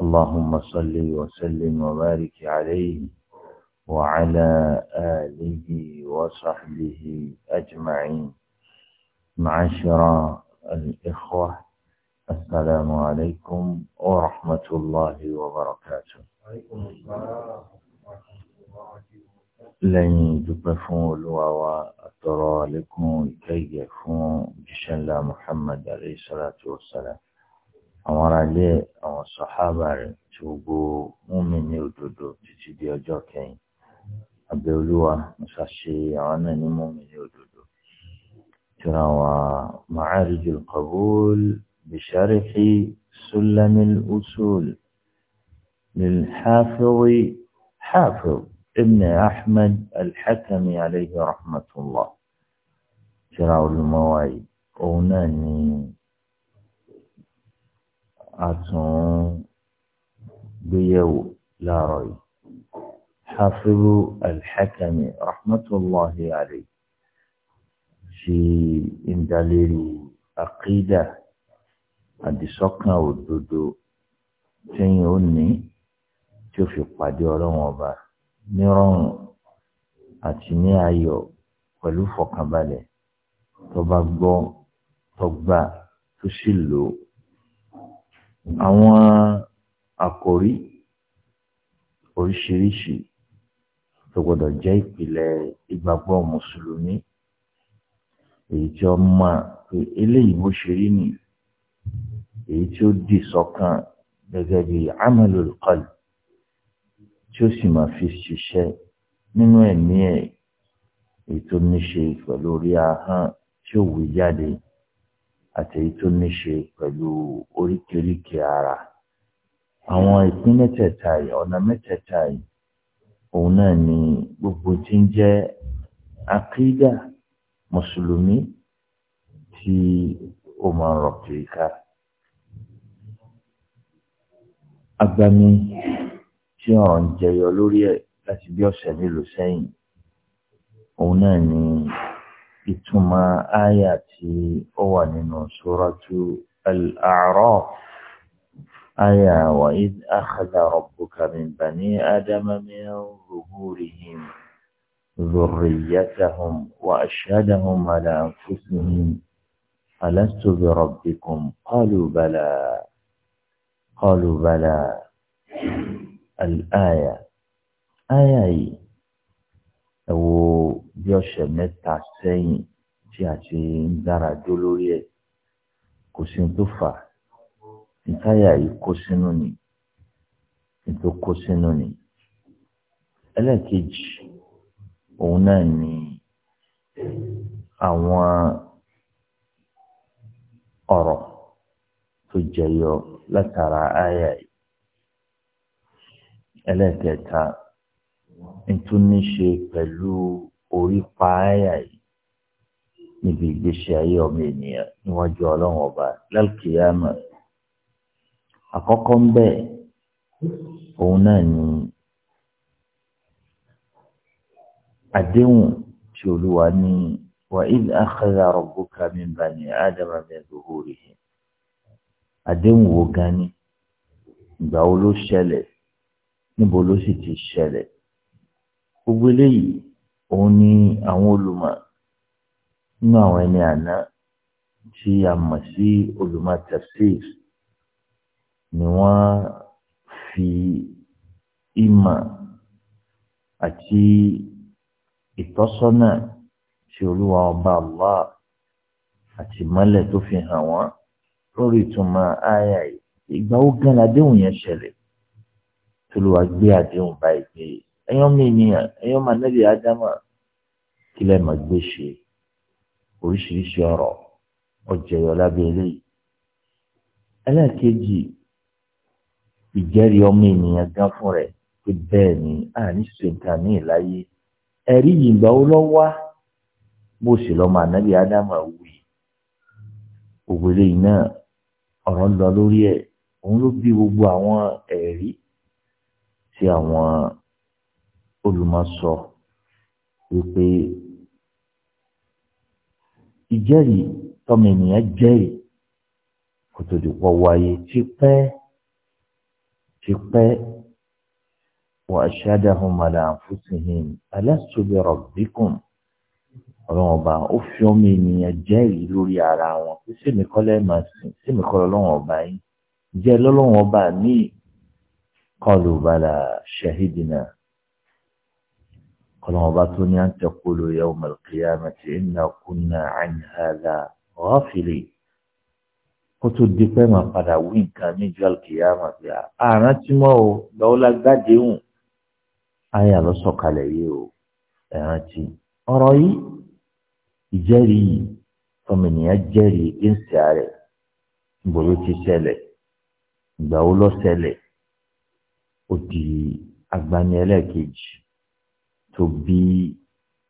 اللهم صل وسلم وبارك عليه وعلى آله وصحبه أجمعين معاشر الإخوة السلام عليكم ورحمة الله وبركاته لن تبفون الواوى الترى لكم كي يفون جشن محمد عليه الصلاة والسلام àwọn aráalé ẹ̀ àwọn sọ̀hábà rẹ̀ tí gbogbo múmi ní òdodo títí di ọjọ́ kẹyìn abẹ́ olúwa musa ṣe àwọn náà ní múmi ní òdodo tí ra wa ma'arijul qabul bisharhi sulamil usul للحافظ حافظ ابن أحمد الحكمي عليه رحمة الله òun náà ní. a tún gbéyẹ̀wò láàárọ̀ yìí. Hafizu Alḥakami rahmatulahi alayhi ṣe ń dalérí àkídà àdìsọ́kàn òdodo tẹ́yìn ó ní tí ó fi pàdé ọlọ́run ọba nírọ̀rùn àti ní ayọ̀ pẹ̀lú fọkànbalẹ̀ tó bá gbọ́ tó gbà tó sì lò àwọn àkòrí oríṣiríṣi tó gbọdọ̀ jẹ́ ìpìlẹ̀ ìgbàgbọ́ mùsùlùmí èyí tí ó máa pé eléyìí bó ṣe rí ni èyí tí ó dì sọ́kàn gẹ́gẹ́ bí amalul qalb tí ó sì máa fi ṣiṣẹ́ nínú ẹ̀mí ẹ̀ èyí tó ní ṣe pẹ̀lú orí ahọ́n tí ó wù jáde àti èyí tó ní ṣe pẹ̀lú oríkèéríkèé ara. Àwọn ìpín mẹ́tẹ̀ẹ̀ta yìí ọ̀nà mẹ́tẹ̀ẹ̀ta yìí òun náà ni gbogbo tí ń jẹ́ akídà mùsùlùmí tí ó máa ń rọ̀ kiri ká. Agbami tí ọ̀rọ̀ ń jẹyọ lórí ẹ̀ láti bí ọ̀sẹ̀ mélòó sẹ́yìn òun náà ni. ìtumọ̀ àyà tí ó wà nínú suratu al-A'raf àyà wa idh akhadha rabbuka min bani adama min zuhurihim ذريتهم وأشهدهم على أنفسهم ألست بربكم قالوا بلى قالوا بلى الآية آية ẹ wo bí ọ̀sẹ̀ mẹ́ta sẹ́yìn tí a ti ń dára dó lórí ẹ̀ kò sí ní tó fà á ìtayà yìí kó sínú ni ètò kó sínú ni ẹlẹ́ẹ̀kejì òun náà ni àwọn ọ̀rọ̀ tó jẹyọ látara àyà yìí ẹlẹ́ẹ̀kẹta nítorí ní ṣe pẹ̀lú orí paáyà yìí níbi ìgbésí ayé ọmọ ènìyàn níwájú ọlọ́run ọba lálùkìyàmọ̀ àkọ́kọ́ ń bẹ̀ òun náà ni àdéhùn tí olúwa ní wa idh akhadha rabbuka min bani adama min zuhurihim àdéhùn wo gan ni ìgbà wo ló ṣẹlẹ̀ níbo ló sì ti ṣẹlẹ̀ gbogbo eléyìí òun ni àwọn olùmọ̀ nínú àwọn ẹni àná tí a mọ̀ sí olùmọ̀ tafsir ni wọ́n fi ìmọ̀ àti ìtọ́sọ́nà tí olúwa ọba Allah àti mọ́lẹ̀ tó fi hàn wọ́n lórí ìtumọ̀ àyà ìgbà ó gán adéhùn yẹn ṣẹlẹ̀ tó ló gbé àdéhùn báyìí pé ẹ̀yọ́ mi ènìyàn ẹ̀yọ́ mà nẹ́bí ádámà kí lẹ́ẹ̀ máa gbé ṣe oríṣiríṣi ọ̀rọ̀ ọ̀jẹ̀yọ̀ lábẹ́ eléyìí. ẹlẹ́ẹ̀kejì ìjẹ́rìí ọmọ ènìyàn gan fún rẹ̀ pé bẹ́ẹ̀ ni àní ṣèǹkà ní ìláyé ẹ̀rí yìnbọn ó lọ wá bó sì lọ́mọ ànábì ádámà wí gbogbo eléyìí náà lọ lórí ẹ̀ òun ló bí gbogbo àwọn ẹ̀rí tí àwọn olùmọ̀ sọ wípé ìjẹ́rìí tọ́mọ ènìyàn jẹ́rìí kò tó di pọ̀ wáyé ti pẹ́ ti pẹ́ wọ́n aṣáádáhùn màlà àǹfùsìhìn alastu bi rabbikum ọlọ́run ọba ó fi ọmọ ènìyàn jẹ́rìí lórí ara wọn pé sèmi kọ́ lẹ́ẹ̀mà sìn sèmi kọ́ lọ́lọ́run yín jẹ́ lọ́lọ́run ọba míì qalu bala shahidina. ọlọ́run ọba tó ní àǹtẹ̀kọ́lù yawm ya qiyamati inna kunna an hadha ghafilin kó tó di pé màá padà wí nǹkan níjọ́ al-qiyama pé àrùn tí mọ́ o lọ́wọ́ lágbàdé hùn ayà lọ yìí o ẹ̀ràn tí ọ̀rọ̀ yìí ìjẹ́rìí yìí ọmọnìyàn jẹ́rìí ẹ̀ǹsì rẹ̀ ti tòbi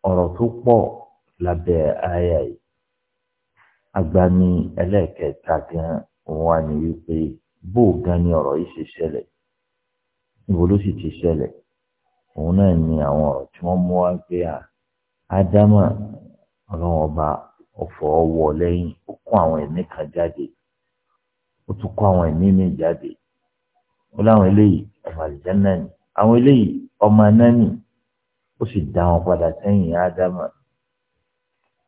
ọ̀rọ̀ tó pọ̀ lábẹ́ àyà yìí agbani ẹlẹ́ẹ̀kẹta gan wà ní wípé bó gan ni ọ̀rọ̀ yìí ṣe ṣẹlẹ̀ níbo ló sì ti ṣẹlẹ̀ òun náà ni àwọn ọ̀rọ̀ tí wọ́n mú wá pé à ádámà ọlọ́wọ́n ọba ọ̀fọ̀ ọwọ́ lẹ́yìn ó kó àwọn ẹ̀mí kan jáde ó tún kó àwọn ẹ̀mí mi jáde ó láwọn ó sì dá wọn padà sẹ́yìn ádámà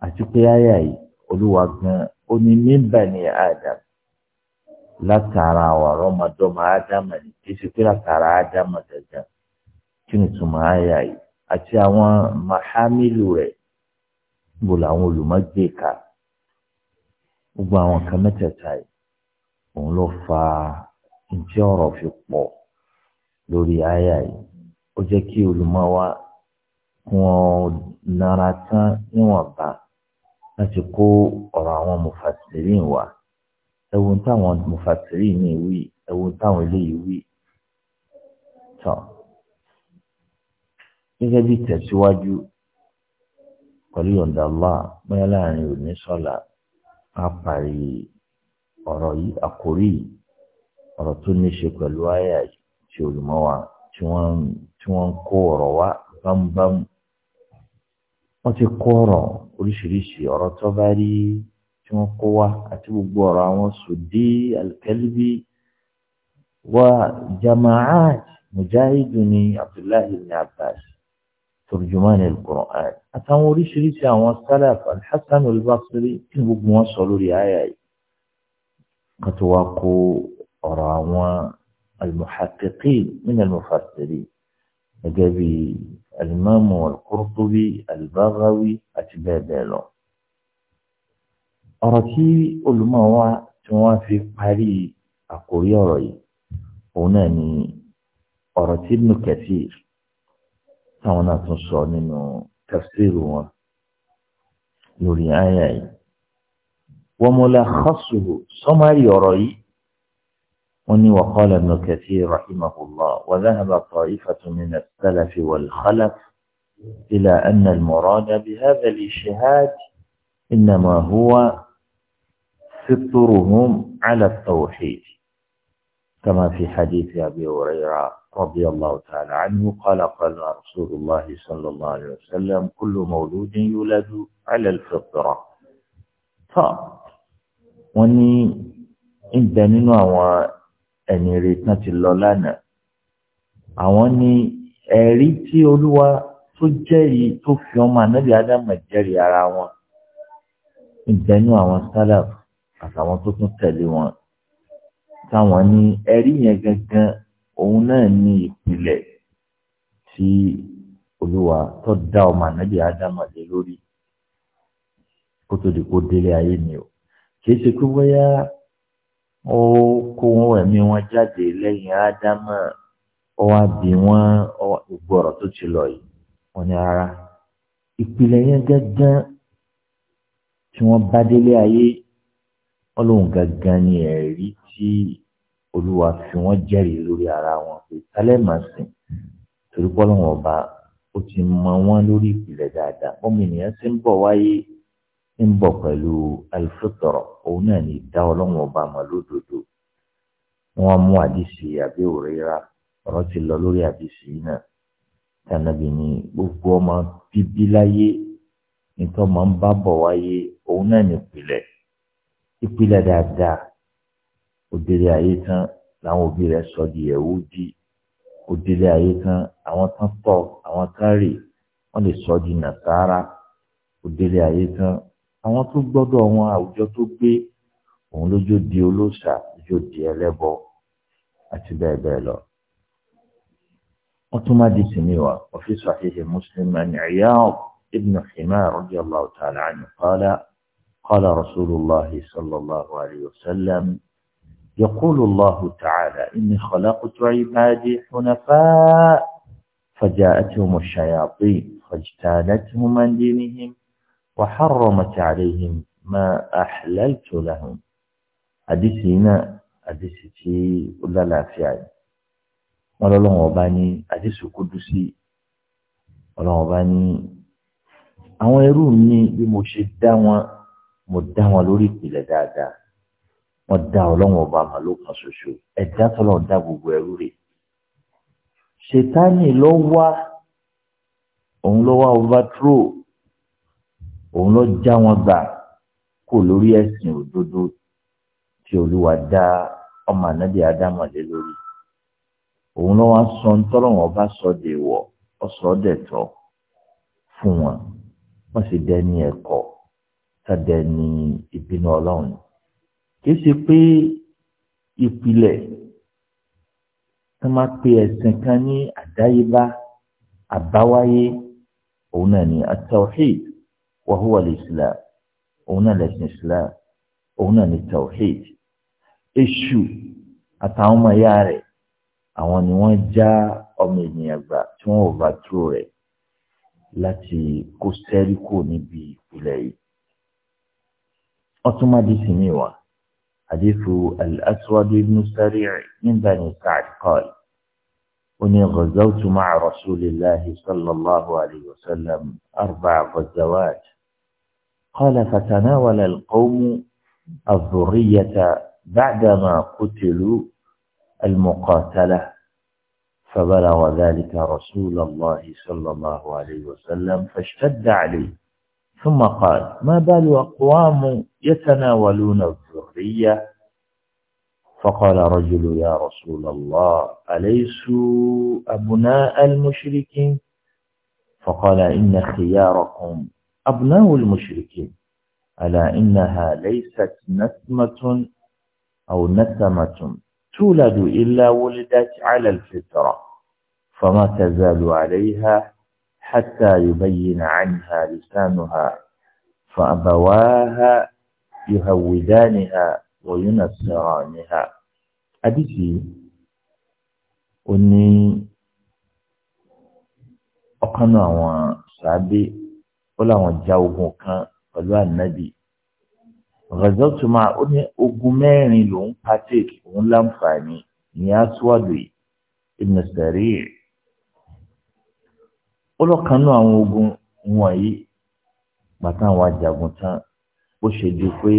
àti pé àyà yìí olúwa gan ó ní níbà ní ádámà látara adama ọmọdọ́mọ ádámà ní kí ṣe pé látara ádámà dandan kí ni túmọ̀ àyà yìí àti àwọn mahamilu rẹ̀ bó làwọn olùmọ̀gbé e ka gbogbo àwọn kan mẹ́tẹ̀ẹ̀ta yìí òun ló fa ǹjẹ́ ọ̀rọ̀ fi pọ̀ lórí àyà yìí ó jẹ́ kí olùmọ̀ wa wọn nara tán níwọ̀nba láti kó ọ̀rọ̀ àwọn mufasirin wá ẹ̀wù táwọn mufasirin ní wí ẹ̀wù táwọn eléyìí wí tán gẹ́gẹ́ bí tẹ̀síwájú pẹ̀lú yọ̀ǹda Allah bóyá láàrin òní sọ́la a parí ọ̀rọ̀ yìí àkórí ọ̀rọ̀ tó ní ṣe pẹ̀lú àyà tí wa tí wọ́n wọ́n ti kó ọ̀rọ̀ oríṣiríṣi ọ̀rọ̀ tó bá rí tí wọ́n kó wá àti gbogbo ọ̀rọ̀ àwọn sòdí alikẹ́lbí wa jamaat mujahidu ni abdullahi ibn abbas turjuman al-Qur'an àtàwọn oríṣiríṣi àwọn salaf alhassan al-basri gbogbo wọn sọ lórí àyà yìí kan wá kó ọ̀rọ̀ àwọn almuhaqqiqin min almufassirin gẹ́gẹ́ bí alimami al-Qurtubi al-Baghawi àti bẹ́ẹ̀ bẹ́ẹ̀ lọ. ọ̀rọ̀ tí olùmọ̀ wa tí wọ́n fi parí àkórí ọ̀rọ̀ yìí òun náà ni ọ̀rọ̀ tí Ibn táwọn náà tún sọ nínú tafsiru wọn lórí àyà yìí. wa mulakhasu sọ́márì ọ̀rọ̀ yìí. وني وقال ابن كثير رحمه الله وذهب طائفة من السلف والخلف إلى أن المراد بهذا الاجتهاد إنما هو فطرهم على التوحيد كما في حديث أبي هريرة رضي الله تعالى عنه قال قال رسول الله صلى الله عليه وسلم كل مولود يولد على الفطرة ف وني إنت من ẹni rẹ̀ tán ti lọ lánàá àwọn ní ẹ̀rí tí olúwa tó jẹ́rìí tó fi ọmọ anábì ádámà jẹ́rìí ara wọn ìbẹ́nu àwọn sálàf àtàwọn tó tún tẹ̀lé wọn táwọn ní ẹ̀rí yẹn gangan òun náà ní ìpìlẹ̀ tí olúwa tó dá ọmọ anábì ádámà lé lórí kó tó di kó délé ayé ni o kì í ṣe pé bóyá ó kó ẹ̀mí wọn jáde lẹ́yìn ádámà ó wá bí wọ́n gbogbo ọ̀rọ̀ tó ti lọ yìí wọ́n ní rárá ìpìlẹ̀ yẹn gángan tí wọ́n bá délé ayé ọlọ́run gángan ni ẹ̀rí tí olúwa fi wọ́n jẹ́rìí lórí ara wọn pé tálẹ́ màá sìn torí pé ọba ó ti mọ wọn lórí ìpìlẹ̀ dáadáa bọ́mọ ènìyàn ti ń bọ̀ wáyé ń bọ̀ pẹ̀lú alifutọ̀rọ̀ òun náà ní ìdá ọlọ́run ọba mọ̀ lódodo wọ́n mú àdìsí àbí òrera ọ̀rọ̀ ti lọ lórí àdìsí náà tànàbí ni gbogbo ọmọ bíbí láyé nítorí ọmọ ń bá bọ̀ wáyé òun náà ní ìpìlẹ̀ ìpìlẹ̀ dáadáa òdèrè ayé tán làwọn òbí rẹ̀ sọ di ẹ̀wú di òdèrè ayé tán àwọn tán tọ̀ àwọn tán rè wọ́n lè sọ di nàtàrà òdèrè ayé tán àwọn tó gbọ́dọ̀ wọn àwùjọ tó gbé òun lójó di olóòṣà lójó di ẹlẹ́bọ àti bẹ́ẹ̀ bẹ́ẹ̀ lọ. wọ́n tún má di tìmí wa ọ̀fíìsì àṣeyẹ Muslim ẹni Iyad ibn Himar radiyallahu ta'ala anhu qala qala Rasulullah sallallahu alayhi wa sallam. يقول الله تعالى إني خلقت عبادي حنفاء فجاءتهم الشياطين فاجتالتهم عن دينهم وحرمت عليهم ما أحللت لهم حديثنا حديث تي ولا لا في wọn lọ́lọ́run ọba ní àdìsù kúdùsí ọlọ́run ọba ní àwọn ẹrú mi bí mo ṣe dá wọn mo dá wọn lórí ìpìlẹ̀ dáadáa wọn dá ọlọ́run ọba mà ló kan ṣoṣo ẹ̀dá tọlọ dá gbogbo ẹrú rẹ̀ ṣètánì ló wá òun ló wá overthrow òun ló já wọn gbà kó lórí ẹ̀sìn òdodo tí olúwa dá ọmọ ànábì ádámọ̀ lé lórí òun ló wá sọ ntọ́lọ́wọ́n bá sọ dèwọ̀ ọ̀sọ́ dẹ̀tọ́ fún wọn wọ́n sì dẹni ẹ̀kọ́ sádẹni ìbínú ọlọ́run kì í ṣe pé ìpìlẹ̀ tó máa pe ẹ̀sìn kan ní àdáyébá àbáwáyé òun náà ni atawhid وهو الإسلام هنا الإسلام هنا التوحيد èṣù àtàwọn ọmọ ìyá rẹ̀ àwọn ni wọ́n já ọmọ ènìyàn gbà tí wọ́n ò bá tó rẹ̀ láti kó sẹ́rí kò níbi ìpìlẹ̀ yìí. ọtún má di sí mi wá àdéfù al-aswad ibn sari' min bani sa'd qala وني غزوت مع رسول الله صلى الله عليه وسلم أربع غزوات قال فتناول القوم الذرية بعدما قتلوا المقاتلة فبلغ ذلك رسول الله صلى الله عليه وسلم فاشتد عليه ثم قال ما بال أقوام يتناولون الذرية فقال رجل يا رسول الله أليسوا أبناء المشركين فقال إن خياركم أبناء المشركين ألا إنها ليست نسمة أو نسمة تولد إلا ولدت على الفطرة فما تزال عليها حتى يبين عنها لسانها فأبواها يهودانها وينصرانها حديثي أني أقنع وصعبي ó láwọn ja ogun kan pẹ̀lú ànábì ọ̀gájọ́tùmá ó ní ogun mẹ́rin lòún patrick òun láǹfààní ìyẹn aṣọ́àdù ibn Sarir ó lọ́kànnú àwọn ogun wọ̀nyí bàtà àwọn ajagun tán ó ṣe ju pé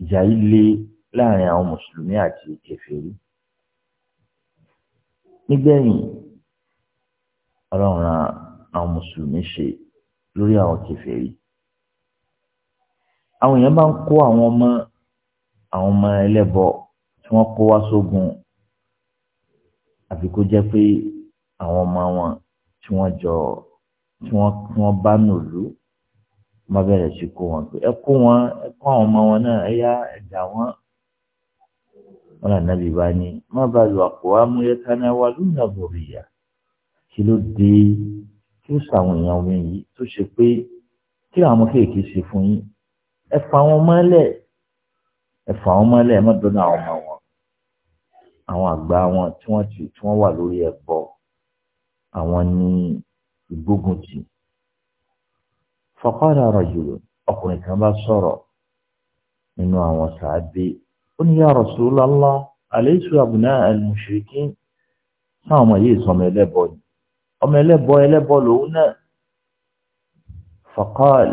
ìjà yìí lé láàrin àwọn mùsùlùmí àti kèfèrí nígbẹ̀yìn ọlọ́run àwọn mùsùlùmí ṣe lórí àwọn kèfèrí àwọn èèyàn bá ń kó àwọn ọmọ àwọn ọmọ ẹlẹ́bọ tí wọ́n kó wá sógun àfi kó jẹ́ pé àwọn ọmọ wọn tí wọ́n jọ tí wọ́n tí wọ́n bá nùlú má bẹ̀rẹ̀ sí kó wọn pé ẹ kó wọn ẹ kó àwọn ọmọ wọn náà ẹ yá ẹ̀dá wọn wọn ànábì bá ní má bá lu àpò amúyẹ kanáwá lónà bòrìyà kí ló dé tó ṣàwọn èèyàn omi yìí tó ṣe pé kí àwọn ọmọ kéèké ṣe fún yín ẹ fà wọn mọ́lẹ̀ ẹ fà wọn mọ́lẹ̀ ẹ má dọ́nà àwọn ọmọ wọn àwọn àgbà wọn tí wọ́n ti tí wọ́n wà lórí ẹ̀bọ àwọn ní ìgbógun tì faqala rajul ọkùnrin kan bá sọ̀rọ̀ nínú àwọn sàábé ó ní ya Rasulullah alaysu abnaa al-mushrikin sáwọn ọmọ yìí sọmọ ẹlẹ́bọ ni ọmọ ẹlẹ́bọ ẹlẹ́bọ lòun náà faqal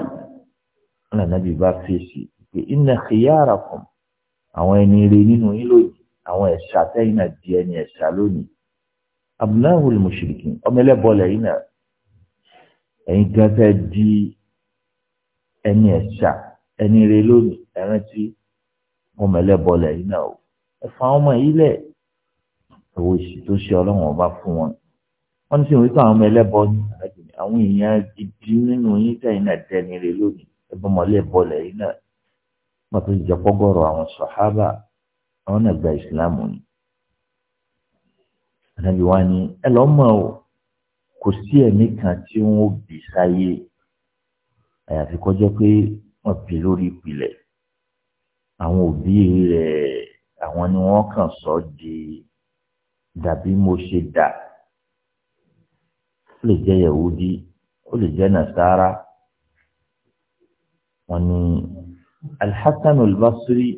ọ̀nà nàbí bá fèsì pé inna khiyarakum àwọn ẹni rè nínú yín lónìí àwọn ẹ̀ṣà tẹ́yìn náà di ẹni ẹ̀ṣà lónìí abnahul mushrikin ọmọ ẹlẹ́bọ lẹ́yìn náà ẹ̀yin gan fẹ́ di ẹni ẹ̀ṣà ẹni rè lónìí ẹ̀rántí ọmọ ẹlẹ́bọ lẹ́yìn náà ẹ̀fọn ọmọ yìí owó ìṣì ṣe ọlọ́run ọba fún wọn wọ́n sì ń wípé àwọn ọmọ ẹlẹ́bọ ní àwọn èèyàn ibi nínú yín tẹ̀yìn náà dẹni rè lónìí ẹbọ mọ́lẹ̀ bọ́lẹ̀ yìí náà wọ́n tó jẹ́ pọ́gọ́rọ̀ àwọn sọ̀hábà àwọn náà gba ìsìláàmù ni. ànábì wa ni ẹ lọ́ mọ̀ o kò sí ẹ̀mí kan tí wọ́n bì sáyé àyàfi kọjá pé wọ́n bì lórí ìpìlẹ̀ àwọn òbí rẹ̀ àwọn ni wọ́n kàn sọ di dàbí mo ṣe dà. Da ó lè jẹ́ yahudi ó lè jẹ́ nasara wọ́n ní alhassan al-basri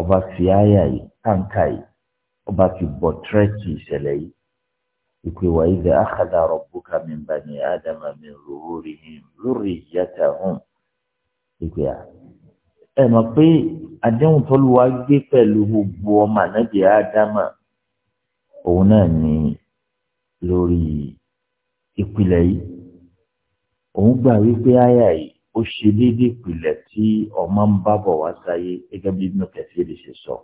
ọba fi àyà yìí kàńkà yìí ọba fi bọ̀ tírẹ́kì ìṣẹ̀lẹ̀ yìí ìpè wà ìdè akhadha rabbuka min bani adama min zuhurihim dhurriyyatahum ìpè à ẹ mọ̀ pé àdéhùn tó lù gbé pẹ̀lú gbogbo ọmọ ànábì ádámà òun náà ní lórí ìpìlẹ̀ yìí òun gbà wípé àyà yìí ó ṣe déédéé ìpìlẹ̀ tí ọmọ ń bá bọ̀ wá sáyé gẹ́gẹ́ bí inú kẹfì lè ṣe sọ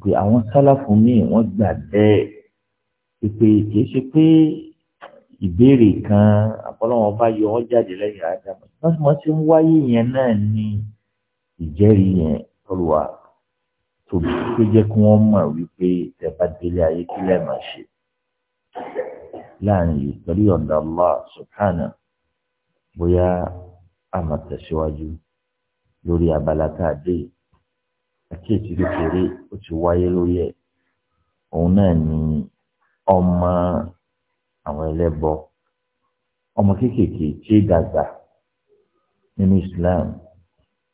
pé àwọn sálàfù míì wọ́n gbà bẹ́ẹ̀ pé kì í ṣe pé ìbéèrè kan àpọ́lọ́wọ́n bá yọ ọ́ jáde lẹ́yìn ádámù wọ́n mọ̀ sí ń wáyé yẹn náà ní ìjẹ́rìí yẹn olùwà tó jẹ́ kí wọ́n mọ̀ wípé tẹ̀ bá délé ayé kílẹ̀ máa ṣe láàrin yìí pẹ̀lú ọ̀dọ̀ Allah subhana bóyá àmọ̀ tẹ̀síwájú lórí abala tá a dé àkíyèsí kékeré ó ti wáyé lórí ẹ̀ òun náà ni ọmọ àwọn ẹlẹ́bọ ọmọ kéékèèké tí ó dàgbà nínú Islam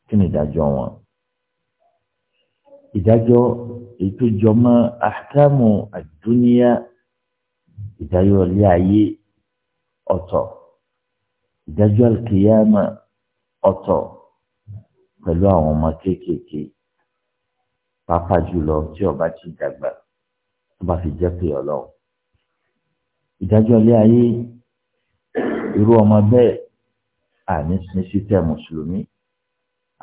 kí ni ìdájọ́ wọn ìdájọ́ èyí tó àkàmù àdúnyá ìdájọ́ ilé ayé ọ̀tọ̀ ìdájọ́ àlùkìyàmà ọ̀tọ̀ pẹ̀lú àwọn ọmọ kéékèèké pàápàá jùlọ tí ọba ti dàgbà tó bá fi jẹ́ pé ọlọ́run ìdájọ́ ilé ayé irú ọmọ bẹ́ẹ̀ àní ní sítẹ́ mùsùlùmí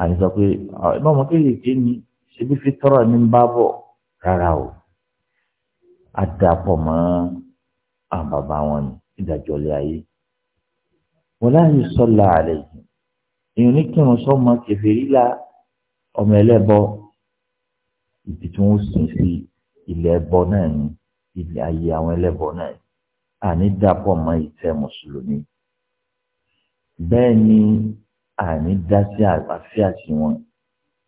àní sọ pé ah, ẹgbẹ́ ọmọ kéékèèké ni ṣebí fi tọrọ ní bá bọ̀ rárá o àdàpọ̀ mọ́ àwọn bàbá wọn ni ìdájọ́ ilé ayé wọn láàyè sọ́la àlẹ́ yìí èèyàn ní kírun sọ́mọ kẹfẹ́rí la ọmọ ẹlẹ́bọ ibi tí wọ́n sìn sí ilẹ̀ ẹbọ náà ni ilẹ̀ ayé àwọn ẹlẹ́bọ náà ni àní dàpọ̀ mọ́ ìtẹ́ mùsùlùmí bẹ́ẹ̀ ni àní dá sí wọn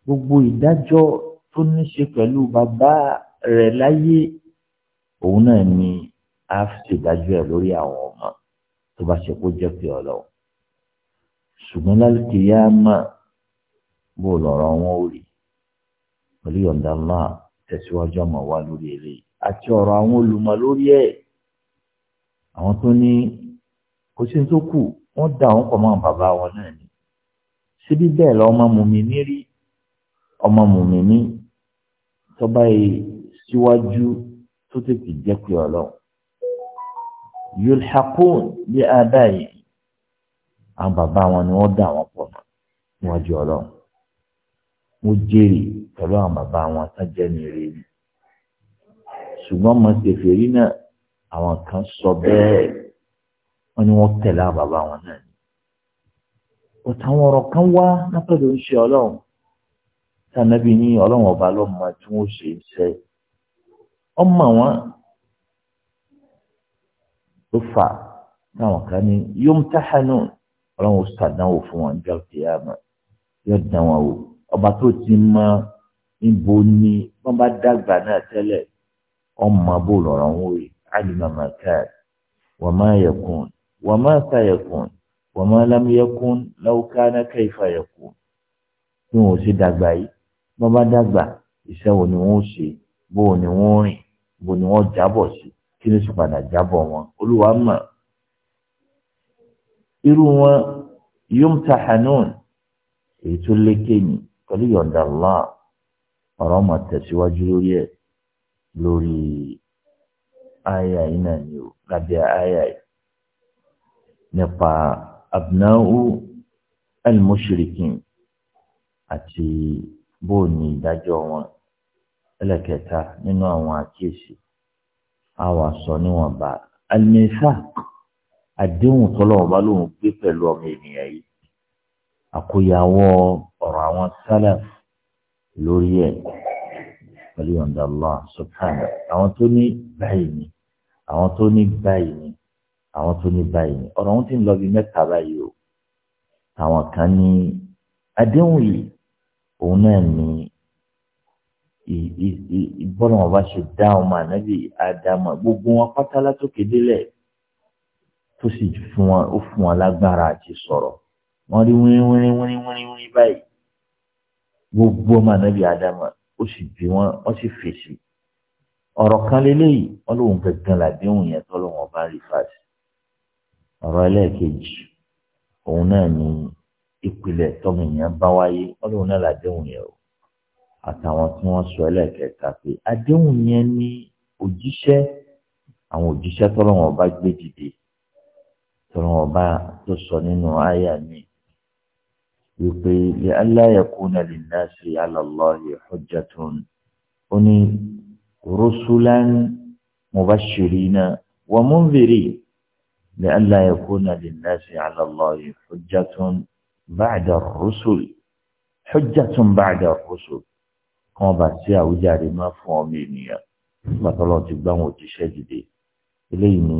gbogbo ìdájọ́ tó ní ṣe pẹ̀lú bàbá rẹ̀ láyé òun náà ni á ṣèdájọ́ ẹ̀ lórí àwọn ọmọ tó bá ṣe kó jẹ́ pé ọ̀lọ́ ṣùgbọ́n lálùkì yá mà bó lọ̀rọ̀ wọn ò rí pẹ̀lú yọ̀ǹda náà tẹ̀síwájú ọmọ wa lórí eléyìí àti ọ̀rọ̀ àwọn olùmọ̀ lórí ẹ̀ àwọn tó ní kò sí tó kù wọ́n dà wọ́n pọ̀ mọ́ bàbá wọn náà ni síbí bẹ́ẹ̀ lọ ọmọ mùmí ní rí ọmọ mùmí ní tọ́ba yìí síwájú tó tètè jẹ́ pé ọlọ́run yulhaqun bí abáyé àwọn bàbá wọn ni wọ́n dà wọ́n pọ̀ níwájú ọlọ́run mo jèrè pẹ̀lú àwọn bàbá wọn sájẹ́ ní eré mi ṣùgbọ́n mo ṣe fèrí náà àwọn kan sọ bẹ́ẹ̀ wọ́n ní wọ́n tẹ̀lé àwọn bàbá wọn náà ni òtàwọn ọ̀rọ̀ kan wá lápẹ̀lú ń ṣe ọlọ́run tànàbí ní ọlọ́run ọba lọ́mọ tí wọ́n ṣe ń ṣe ọmọ wọn ló fà táwọn kan ní yomtahanu ọlọ́run ṣàdánwò fún wọn jọ kìyàmà yóò dán wọn wò ọba tó ti mọ níbo ni wọn bá dàgbà náà tẹ́lẹ̀ ọmọ bò lọ́rọ̀ ń wòye alimama káà wọ́n máa yẹ kún wọ́n máa ta yẹ kún wọ́n máa lam kún lọ́wọ́ká náà kẹ́yìfà yẹ kún bí wọn ṣe dàgbà yìí wọn bá dàgbà iṣẹ́ wo ni wọ́n ṣe bó ni wọ́n rìn bó ni wọ́n jábọ̀ sí kí ló sì padà jábọ̀ wọn olúwa mọ̀ irú wọn yumtahanun èyí tó lékè ní pẹ̀lú yọ̀ǹda Allah ọ̀rọ̀ ọmọ tẹ̀síwájú lórí ẹ̀ lórí àyà yìí náà ni o lábẹ́ àyà yìí nípa abna'u al àti bóòní ìdájọ́ wọn ẹlẹ́kẹta nínú àwọn àkíyèsí a wà sọ níwọ̀nba alimisa àdéhùn tọ́lọ́wọ́n bá lòun gbé pẹ̀lú ọmọ ènìyàn yìí àkóyawọ́ ọ̀rọ̀ àwọn sálàf lórí ẹ̀ pẹ̀lú ọ̀dà Allah subhanahu àwọn tó ní báyìí ni àwọn tó ní báyìí ni àwọn tó ní báyìí ni ọ̀rọ̀ wọn ti ń lọ bí mẹ́ta báyìí o àwọn kan ní àdéhùn yìí òun náà ní ìbọ́nà ọba ṣe dá ọmọ ànábì àdàmà gbogbo wọn pátá látòkè délẹ̀ tó sì fún wọn ó fún wọn lágbára àti sọ̀rọ̀ wọ́n rí wíní wíní wíní wíní wíní báyìí gbogbo ọmọ ànábì àdàmà ó sì bí wọn wọ́n sì fèsì ọ̀rọ̀ kan lélẹ́yìí wọ́n lóun gẹ̀gẹ́ làdéhùn yẹn tọ́ lóun ọba rí fàṣì ọ̀rọ̀ ẹlẹ́ẹ̀kejì òun náà ní ìpìlẹ̀ tọ́mìnìyàn bá wáyé wọ́n lóun náà làdéhùn yẹn o àtàwọn tí wọ́n sọ ẹlẹ́ẹ̀kẹta pé àdéhùn yẹn ní òjíṣẹ́ àwọn òjíṣẹ́ tọ́lọ́wọ́n ọba gbé dìde tọ́lọ́wọ́n ọba tó sọ nínú àyà mi wípé alla yakuna linnasi ala Allahi hujjatun ó ní rusulan mubashirina wa mundhirin alla yakuna linnasi ala Allahi hujjatun ba'da ar-rusul hujjatun ba'da ar-rusul wọn bá sí àwíjàre má fún ọmọ ènìyàn nígbà tó lọ́ọ́ ti gbá wọn òjíṣẹ́ dìde eléyìí ni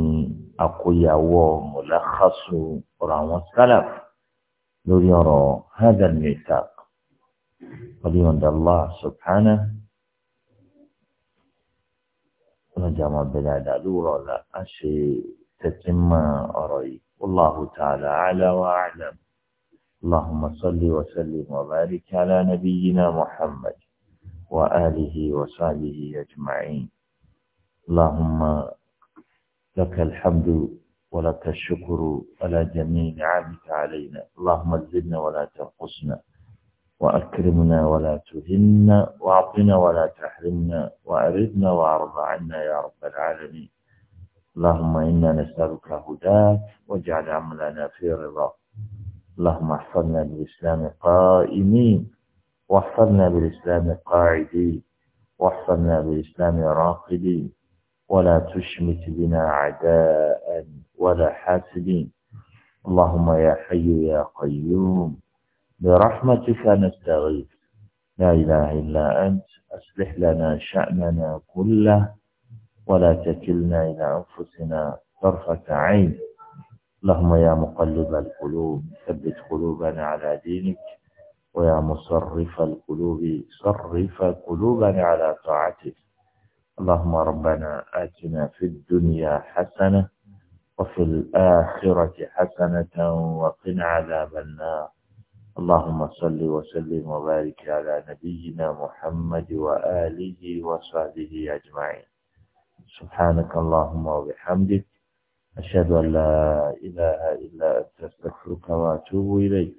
àkóyawọ́ mọ̀láhásù ọ̀rọ̀ àwọn sálàf lórí ọ̀rọ̀ hadan mithaq ọdíyọ̀ndà allah subhana ọjà máa bẹ̀rẹ̀ àdàlúrọ̀ la a ṣe tẹ̀tí ọ̀rọ̀ yìí wallahu ta'ala ala wa اللهم صل وسلم وبارك على نبينا محمد وآله وصحبه أجمعين اللهم لك الحمد ولك الشكر على جميع نعمك علينا اللهم زدنا ولا تنقصنا وأكرمنا ولا تهنا وأعطنا ولا تحرمنا وأردنا وأرض عنا يا رب العالمين اللهم إنا نسألك هداك واجعل عملنا في رضاك اللهم احفظنا بالإسلام قائمين واحفظنا بالإسلام قاعدين واحفظنا بالإسلام راقدين ولا تشمت بنا عداء ولا حاسدين اللهم يا حي يا قيوم برحمتك نستغيث لا إله إلا أنت أصلح لنا شأننا كله ولا تكلنا إلى أنفسنا طرفة عين اللهم يا مقلب القلوب ثبت قلوبنا على دينك ويا مصرف القلوب صرف قلوبنا على طاعتك اللهم ربنا آتنا في الدنيا حسنة وفي الآخرة حسنة وقنا عذاب النار اللهم صل وسلم وبارك على نبينا محمد وآله وصحبه أجمعين سبحانك اللهم وبحمدك أشهد أن لا إله إلا أنت أستغفرك وأتوب إليك